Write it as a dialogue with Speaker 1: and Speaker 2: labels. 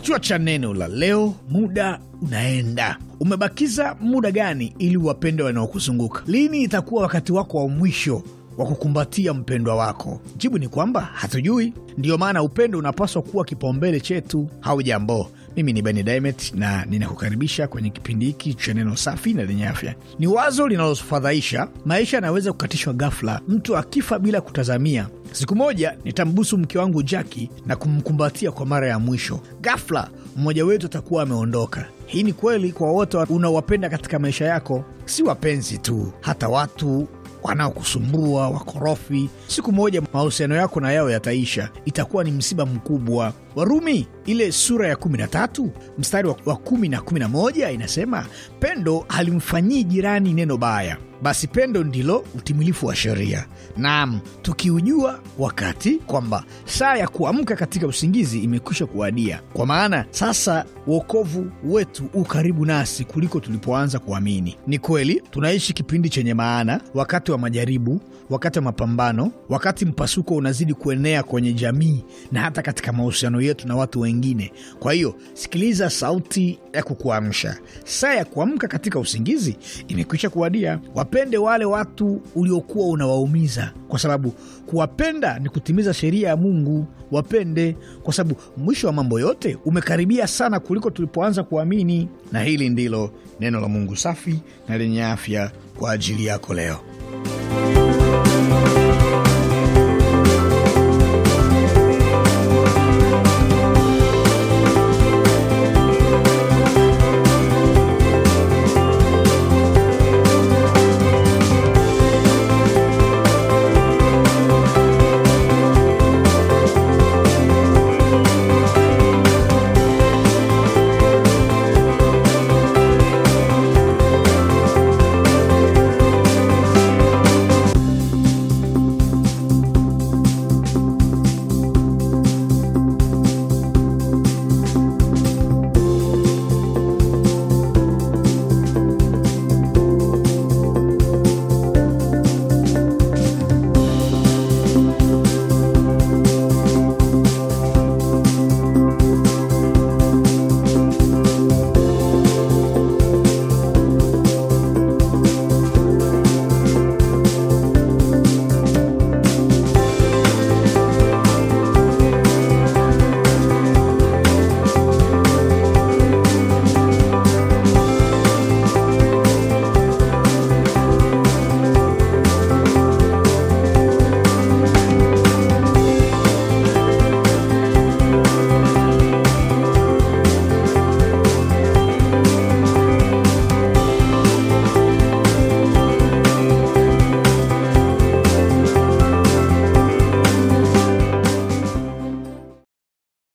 Speaker 1: Kichwa cha neno la leo: muda unaenda. Umebakiza muda gani ili uwapende wanaokuzunguka? Lini itakuwa wakati wako wa mwisho wa kukumbatia mpendwa wako? Jibu ni kwamba hatujui. Ndiyo maana upendo unapaswa kuwa kipaumbele chetu. au jambo mimi ni Beni Dimet na ninakukaribisha kwenye kipindi hiki cha neno safi na lenye afya. Ni wazo linalofadhaisha. Maisha yanaweza kukatishwa ghafla, mtu akifa bila kutazamia. Siku moja nitambusu mke wangu Jaki na kumkumbatia kwa mara ya mwisho. Ghafla mmoja wetu atakuwa ameondoka. Hii ni kweli kwa wote unaowapenda katika maisha yako, si wapenzi tu, hata watu wanaokusumbua wakorofi. Siku moja mahusiano yako na yao yataisha, itakuwa ni msiba mkubwa. Warumi ile sura ya 13 mstari wa 10 na 11 inasema, pendo halimfanyii jirani neno baya basi pendo ndilo utimilifu wa sheria. Naam, tukiujua wakati kwamba saa ya kuamka katika usingizi imekwisha kuadia, kwa maana sasa wokovu wetu u karibu nasi kuliko tulipoanza kuamini. Ni kweli tunaishi kipindi chenye maana, wakati wa majaribu, wakati wa mapambano, wakati mpasuko unazidi kuenea kwenye jamii na hata katika mahusiano yetu na watu wengine. Kwa hiyo sikiliza sauti ya kukuamsha. Saa ya kuamka katika usingizi imekwisha kuadia wapende wale watu uliokuwa unawaumiza, kwa sababu kuwapenda ni kutimiza sheria ya Mungu. Wapende kwa sababu mwisho wa mambo yote umekaribia sana kuliko tulipoanza kuamini. Na hili ndilo neno la Mungu safi na lenye afya kwa ajili yako leo.